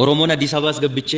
ኦሮሞን አዲስ አበባ አስገብቼ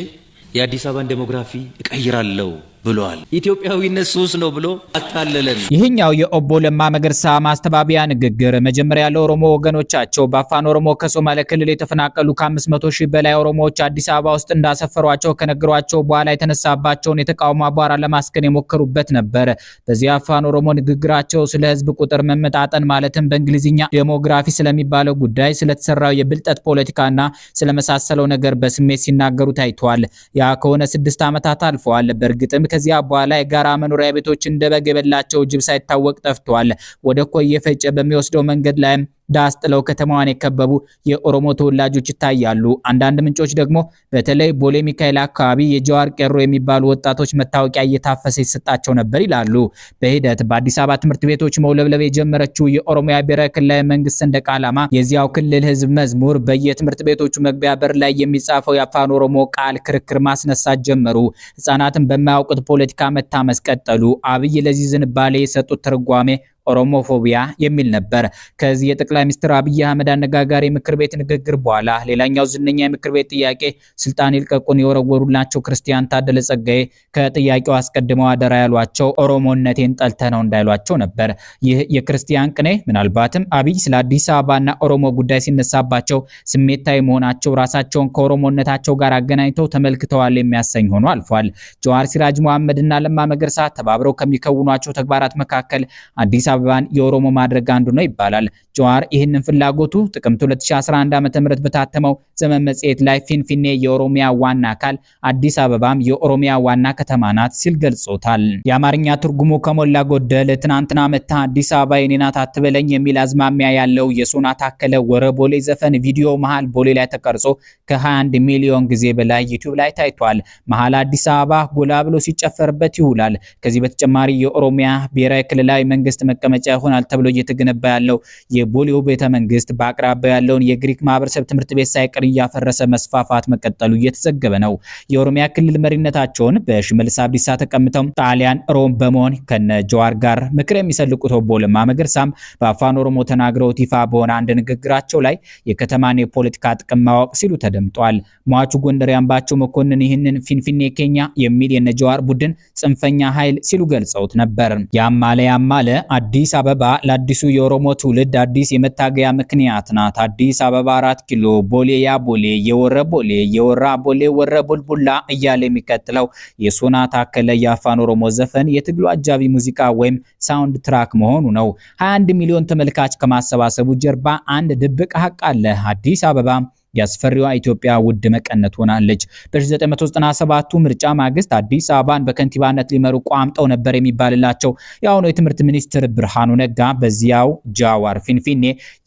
የአዲስ አበባን ዴሞግራፊ እቀይራለሁ ብሏል። ኢትዮጵያዊነት ሱስ ነው ብሎ አታለለን። ይህኛው የኦቦ ለማ መገርሳ ማስተባበያ ንግግር መጀመሪያ ለኦሮሞ ወገኖቻቸው በአፋን ኦሮሞ ከሶማሌ ክልል የተፈናቀሉ ከ500 ሺህ በላይ ኦሮሞዎች አዲስ አበባ ውስጥ እንዳሰፈሯቸው ከነገሯቸው በኋላ የተነሳባቸውን የተቃውሞ አቧራ ለማስከን የሞከሩበት ነበር። በዚህ አፋን ኦሮሞ ንግግራቸው ስለ ህዝብ ቁጥር መመጣጠን ማለትም በእንግሊዝኛ ዴሞግራፊ ስለሚባለው ጉዳይ፣ ስለተሰራው የብልጠት ፖለቲካና ስለመሳሰለው ነገር በስሜት ሲናገሩ ታይቷል። ያ ከሆነ ስድስት ዓመታት አልፈዋል። በእርግጥም ከዚያ በኋላ የጋራ መኖሪያ ቤቶች እንደ በግ የበላቸው ጅብ ሳይታወቅ ጠፍቷል። ወደ ኮየ በሚወስደው መንገድ ላይም ዳስ ጥለው ከተማዋን የከበቡ የኦሮሞ ተወላጆች ይታያሉ። አንዳንድ ምንጮች ደግሞ በተለይ ቦሌ ሚካኤል አካባቢ የጀዋር ቄሮ የሚባሉ ወጣቶች መታወቂያ እየታፈሰ ይሰጣቸው ነበር ይላሉ። በሂደት በአዲስ አበባ ትምህርት ቤቶች መውለብለብ የጀመረችው የኦሮሚያ ብሔራዊ ክልላዊ መንግስት ሰንደቅ ዓላማ፣ የዚያው ክልል ህዝብ መዝሙር፣ በየትምህርት ቤቶቹ መግቢያ በር ላይ የሚጻፈው የአፋን ኦሮሞ ቃል ክርክር ማስነሳት ጀመሩ። ህጻናትን በማያውቁት ፖለቲካ መታመስ ቀጠሉ። አብይ ለዚህ ዝንባሌ የሰጡት ትርጓሜ ኦሮሞፎቢያ የሚል ነበር። ከዚህ የጠቅላይ ሚኒስትር አብይ አህመድ አነጋጋሪ ምክር ቤት ንግግር በኋላ ሌላኛው ዝነኛ የምክር ቤት ጥያቄ ስልጣን ይልቀቁን የወረወሩላቸው ክርስቲያን ታደለ ጸጋዬ ከጥያቄው አስቀድመው አደራ ያሏቸው ኦሮሞነቴን ጠልተ ነው እንዳይሏቸው ነበር። ይህ የክርስቲያን ቅኔ ምናልባትም አብይ ስለ አዲስ አበባና ኦሮሞ ጉዳይ ሲነሳባቸው ስሜታዊ መሆናቸው ራሳቸውን ከኦሮሞነታቸው ጋር አገናኝተው ተመልክተዋል የሚያሰኝ ሆኖ አልፏል። ጀዋር ሲራጅ መሐመድና ለማ መገርሳ ተባብረው ከሚከውኗቸው ተግባራት መካከል አዲስ አበባን የኦሮሞ ማድረግ አንዱ ነው ይባላል። ጀዋር ይህንን ፍላጎቱ ጥቅምት 2011 ዓ.ም በታተመው ዘመን መጽሔት ላይ ፊንፊኔ የኦሮሚያ ዋና አካል፣ አዲስ አበባም የኦሮሚያ ዋና ከተማ ናት ሲል ገልጾታል። የአማርኛ ትርጉሙ ከሞላ ጎደል ትናንትና መታ አዲስ አበባ የኔ ናት አትበለኝ የሚል አዝማሚያ ያለው የሶና ታከለ ቦሌ ዘፈን ቪዲዮ መሃል ቦሌ ላይ ተቀርጾ ከ21 ሚሊዮን ጊዜ በላይ ዩቲዩብ ላይ ታይቷል። መሃል አዲስ አበባ ጎላ ብሎ ሲጨፈርበት ይውላል። ከዚህ በተጨማሪ የኦሮሚያ ብሔራዊ ክልላዊ መንግስት መቀመጫ ይሆናል ተብሎ እየተገነባ ያለው የቦሌው ቤተ መንግስት በአቅራቢያ ያለውን የግሪክ ማህበረሰብ ትምህርት ቤት ሳይቀር እያፈረሰ መስፋፋት መቀጠሉ እየተዘገበ ነው። የኦሮሚያ ክልል መሪነታቸውን በሽመልስ አብዲሳ ተቀምጠው ጣሊያን ሮም በመሆን ከነ ጀዋር ጋር ምክር የሚሰልቁት ኦቦ ለማ መገርሳም በአፋን ኦሮሞ ተናግረውት ይፋ በሆነ አንድ ንግግራቸው ላይ የከተማን የፖለቲካ ጥቅም ማወቅ ሲሉ ተደምጧል። ሟቹ ጎንደር ያምባቸው መኮንን ይህንን ፊንፊኔ ኬኛ የሚል የነጀዋር ቡድን ጽንፈኛ ኃይል ሲሉ ገልጸውት ነበር። ያማለ ያማለ አዲስ አዲስ አበባ ለአዲሱ የኦሮሞ ትውልድ አዲስ የመታገያ ምክንያት ናት። አዲስ አበባ አራት ኪሎ፣ ቦሌ ቦሌ የወረ ቦሌ፣ የወራ ቦሌ፣ ወረ ቡልቡላ እያለ የሚቀጥለው የሶና ታከለ የአፋን ኦሮሞ ዘፈን የትግሉ አጃቢ ሙዚቃ ወይም ሳውንድ ትራክ መሆኑ ነው። 21 ሚሊዮን ተመልካች ከማሰባሰቡ ጀርባ አንድ ድብቅ ሀቅ አለ። አዲስ አበባ የአስፈሪዋ ኢትዮጵያ ውድ መቀነት ሆናለች። በ1997 ምርጫ ማግስት አዲስ አበባን በከንቲባነት ሊመሩ ቋምጠው ነበር የሚባልላቸው የአሁኑ የትምህርት ሚኒስትር ብርሃኑ ነጋ በዚያው ጃዋር ፊንፊኔ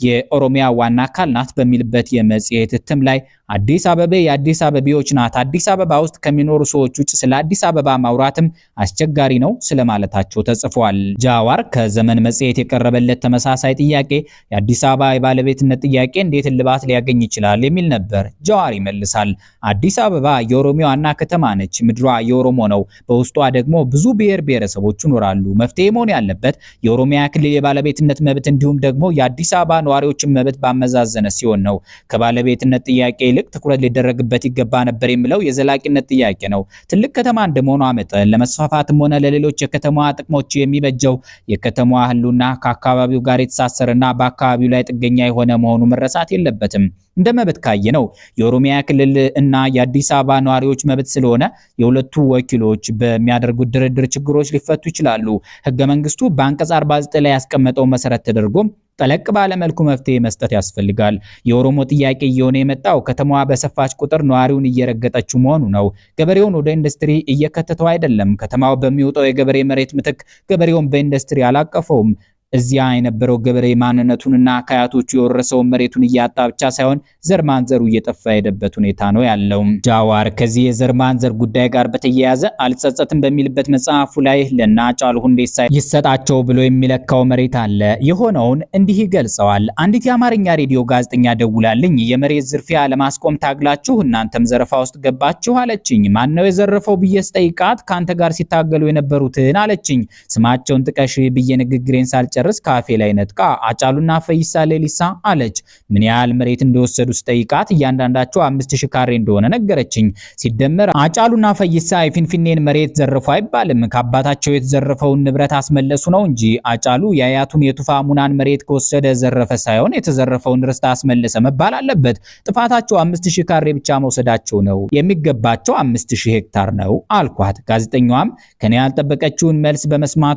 የኦሮሚያ ዋና አካል ናት በሚልበት የመጽሔት እትም ላይ አዲስ አበባ የአዲስ አበቢዎች ናት፣ አዲስ አበባ ውስጥ ከሚኖሩ ሰዎች ውጭ ስለ አዲስ አበባ ማውራትም አስቸጋሪ ነው ስለማለታቸው ተጽፏል። ጃዋር ከዘመን መጽሔት የቀረበለት ተመሳሳይ ጥያቄ የአዲስ አበባ የባለቤትነት ጥያቄ እንዴት እልባት ሊያገኝ ይችላል የሚል ነበር። ጀዋር ይመልሳል። አዲስ አበባ የኦሮሚያ ዋና ከተማ ነች። ምድሯ የኦሮሞ ነው። በውስጧ ደግሞ ብዙ ብሔር ብሔረሰቦች ይኖራሉ። መፍትሄ መሆን ያለበት የኦሮሚያ ክልል የባለቤትነት መብት እንዲሁም ደግሞ የአዲስ አበባ ነዋሪዎችን መብት ባመዛዘነ ሲሆን ነው። ከባለቤትነት ጥያቄ ይልቅ ትኩረት ሊደረግበት ይገባ ነበር የሚለው የዘላቂነት ጥያቄ ነው። ትልቅ ከተማ እንደመሆኗ መጠን ለመስፋፋትም ሆነ ለሌሎች የከተማዋ ጥቅሞች የሚበጀው የከተማዋ ህሉና ከአካባቢው ጋር የተሳሰረና በአካባቢው ላይ ጥገኛ የሆነ መሆኑ መረሳት የለበትም። እንደ መብት ካየ ነው። የኦሮሚያ ክልል እና የአዲስ አበባ ነዋሪዎች መብት ስለሆነ የሁለቱ ወኪሎች በሚያደርጉት ድርድር ችግሮች ሊፈቱ ይችላሉ። ህገ መንግስቱ በአንቀጽ 49 ላይ ያስቀመጠው መሰረት ተደርጎ ጠለቅ ባለመልኩ መፍትሄ መስጠት ያስፈልጋል። የኦሮሞ ጥያቄ እየሆነ የመጣው ከተማዋ በሰፋች ቁጥር ነዋሪውን እየረገጠችው መሆኑ ነው። ገበሬውን ወደ ኢንዱስትሪ እየከተተው አይደለም። ከተማው በሚወጣው የገበሬ መሬት ምትክ ገበሬውን በኢንዱስትሪ አላቀፈውም። እዚያ የነበረው ገበሬ ማንነቱንና ከአያቶቹ የወረሰውን መሬቱን እያጣ ብቻ ሳይሆን ዘር ማንዘሩ እየጠፋ የሄደበት ሁኔታ ነው ያለው። ጃዋር ከዚህ የዘር ማንዘር ጉዳይ ጋር በተያያዘ አልጸጸትም በሚልበት መጽሐፉ ላይ ለና ጫሉ ሁንዴሳ ይሰጣቸው ብሎ የሚለካው መሬት አለ። የሆነውን እንዲህ ይገልጸዋል። አንዲት የአማርኛ ሬዲዮ ጋዜጠኛ ደውላልኝ የመሬት ዝርፊያ ለማስቆም ታግላችሁ እናንተም ዘረፋ ውስጥ ገባችሁ አለችኝ። ማን ነው የዘረፈው ብዬ ስጠይቃት ከአንተ ጋር ሲታገሉ የነበሩትን አለችኝ። ስማቸውን ጥቀሽ ብዬ ንግግሬን ሳልጨር ሳልጨርስ ካፌ ላይ ነጥቃ አጫሉና ፈይሳ ሌሊሳ አለች። ምን ያህል መሬት እንደወሰዱ ስጠይቃት እያንዳንዳቸው አምስት ሺህ ካሬ እንደሆነ ነገረችኝ። ሲደመር አጫሉና ፈይሳ የፊንፊኔን መሬት ዘርፎ አይባልም ከአባታቸው የተዘረፈውን ንብረት አስመለሱ ነው እንጂ አጫሉ የአያቱን የቱፋ ሙናን መሬት ከወሰደ ዘረፈ ሳይሆን የተዘረፈውን ርስት አስመለሰ መባል አለበት። ጥፋታቸው አምስት ሺህ ካሬ ብቻ መውሰዳቸው ነው። የሚገባቸው አምስት ሺህ ሄክታር ነው አልኳት። ጋዜጠኛዋም ከኔ ያልጠበቀችውን መልስ በመስማቷ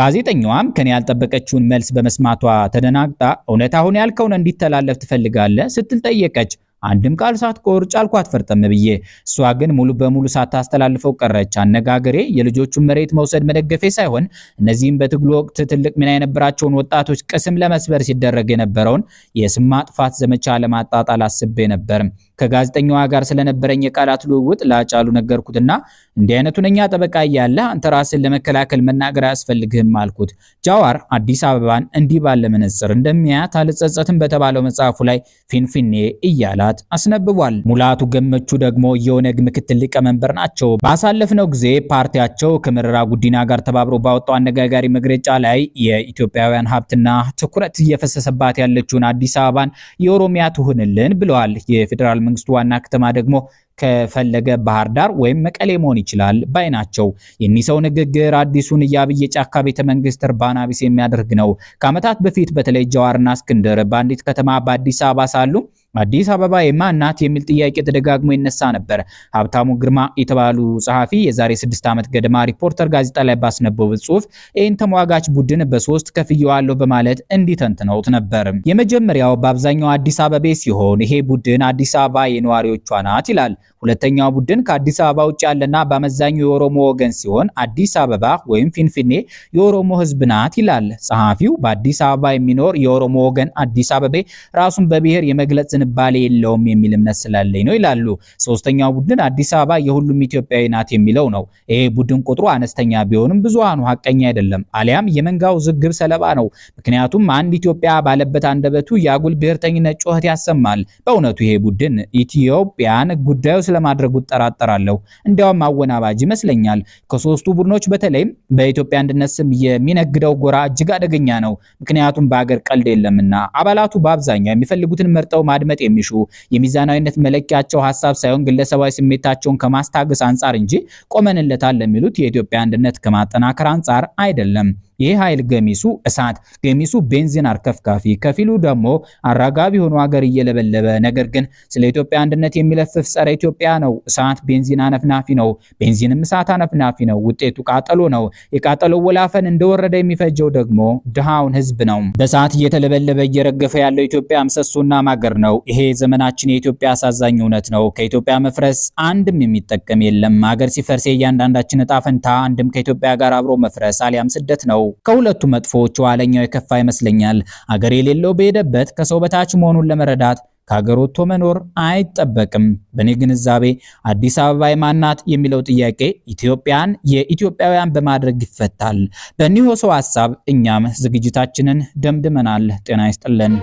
ጋዜጠኛዋም ከኔ ያልጠበቀችውን መልስ በመስማቷ ተደናግጣ እውነት አሁን ያልከውን እንዲተላለፍ ትፈልጋለህ ስትል ጠየቀች። አንድም ቃል ሳትቆርጭ አልኳት ፈርጠም ብዬ። እሷ ግን ሙሉ በሙሉ ሳታስተላልፈው ቀረች። አነጋገሬ የልጆቹን መሬት መውሰድ መደገፌ ሳይሆን እነዚህም በትግሉ ወቅት ትልቅ ሚና የነበራቸውን ወጣቶች ቅስም ለመስበር ሲደረግ የነበረውን የስም ማጥፋት ዘመቻ ለማጣጣል አስቤ ነበር። ከጋዜጠኛዋ ጋር ስለነበረኝ የቃላት ልውውጥ ላጫሉ ነገርኩትና እንዲህ አይነቱን እኛ ጠበቃ እያለ አንተ ራስን ለመከላከል መናገር አያስፈልግህም አልኩት። ጃዋር አዲስ አበባን እንዲህ ባለ መነጽር እንደሚያያት አልጸጸትም በተባለው መጽሐፉ ላይ ፊንፊኔ እያላ በመግዛት አስነብቧል። ሙላቱ ገመቹ ደግሞ የኦነግ ምክትል ሊቀመንበር ናቸው። ባሳለፍነው ጊዜ ፓርቲያቸው ከመረራ ጉዲና ጋር ተባብሮ ባወጣው አነጋጋሪ መግለጫ ላይ የኢትዮጵያውያን ሀብትና ትኩረት እየፈሰሰባት ያለችውን አዲስ አበባን የኦሮሚያ ትሁንልን ብለዋል። የፌዴራል መንግስቱ ዋና ከተማ ደግሞ ከፈለገ ባህር ዳር ወይም መቀሌ መሆን ይችላል ባይ ናቸው። የኒህ ሰው ንግግር አዲሱን የአብይ ጫካ ቤተ መንግስት እርባና ቢስ የሚያደርግ ነው። ከዓመታት በፊት በተለይ ጀዋርና እስክንድር በአንዲት ከተማ በአዲስ አበባ ሳሉ አዲስ አበባ የማናት የሚል ጥያቄ ተደጋግሞ ይነሳ ነበር። ሀብታሙ ግርማ የተባሉ ጸሐፊ የዛሬ ስድስት ዓመት ገደማ ሪፖርተር ጋዜጣ ላይ ባስነበቡት ጽሁፍ ይህን ተሟጋች ቡድን በሶስት ከፍየዋለሁ በማለት እንዲተንትነውት ነበር። የመጀመሪያው በአብዛኛው አዲስ አበቤ ሲሆን ይሄ ቡድን አዲስ አበባ የነዋሪዎቿ ናት ይላል። ሁለተኛው ቡድን ከአዲስ አበባ ውጭ ያለና በአመዛኙ የኦሮሞ ወገን ሲሆን አዲስ አበባ ወይም ፊንፊኔ የኦሮሞ ህዝብ ናት ይላል ጸሐፊው። በአዲስ አበባ የሚኖር የኦሮሞ ወገን አዲስ አበቤ ራሱን በብሔር የመግለጽ ዝንባሌ የለውም የሚል እምነት ስላለኝ ነው ይላሉ። ሶስተኛው ቡድን አዲስ አበባ የሁሉም ኢትዮጵያዊ ናት የሚለው ነው። ይህ ቡድን ቁጥሩ አነስተኛ ቢሆንም ብዙሃኑ ሀቀኛ አይደለም፣ አሊያም የመንጋው ዝግብ ሰለባ ነው። ምክንያቱም አንድ ኢትዮጵያ ባለበት አንደበቱ የአጉል ብሔርተኝነት ጩኸት ያሰማል። በእውነቱ ይሄ ቡድን ኢትዮጵያን ጉዳዩ ስለማድረጉ እጠራጠራለሁ። እንዲያውም አወናባጅ ይመስለኛል። ከሶስቱ ቡድኖች በተለይም በኢትዮጵያ አንድነት ስም የሚነግደው ጎራ እጅግ አደገኛ ነው። ምክንያቱም በአገር ቀልድ የለምና አባላቱ በአብዛኛው የሚፈልጉትን መርጠው ማድመ ማዳመጥ የሚሹ የሚዛናዊነት መለኪያቸው ሀሳብ ሳይሆን ግለሰባዊ ስሜታቸውን ከማስታገስ አንጻር እንጂ ቆመንለታል ለሚሉት የኢትዮጵያ አንድነት ከማጠናከር አንጻር አይደለም። ይህ ኃይል ገሚሱ እሳት ገሚሱ ቤንዚን አርከፍካፊ፣ ከፊሉ ደግሞ አራጋቢ ሆኖ ሀገር እየለበለበ ነገር ግን ስለ ኢትዮጵያ አንድነት የሚለፍፍ ጸረ ኢትዮጵያ ነው። እሳት ቤንዚን አነፍናፊ ነው፣ ቤንዚንም እሳት አነፍናፊ ነው። ውጤቱ ቃጠሎ ነው። የቃጠሎው ወላፈን እንደወረደ የሚፈጀው ደግሞ ድሃውን ህዝብ ነው። በእሳት እየተለበለበ እየረገፈ ያለው ኢትዮጵያ ምሰሶና ማገር ነው። ይሄ ዘመናችን የኢትዮጵያ አሳዛኝ እውነት ነው። ከኢትዮጵያ መፍረስ አንድም የሚጠቀም የለም። ሀገር ሲፈርስ የእያንዳንዳችን እጣ ፈንታ አንድም ከኢትዮጵያ ጋር አብሮ መፍረስ አሊያም ስደት ነው። ከሁለቱ መጥፎዎቹ ኋለኛው የከፋ ይመስለኛል። ሀገር የሌለው በሄደበት ከሰው በታች መሆኑን ለመረዳት ከሀገር ወጥቶ መኖር አይጠበቅም። በእኔ ግንዛቤ አዲስ አበባ የማናት የሚለው ጥያቄ ኢትዮጵያን የኢትዮጵያውያን በማድረግ ይፈታል። በኒሆ ሰው ሀሳብ እኛም ዝግጅታችንን ደምድመናል። ጤና ይስጥልን።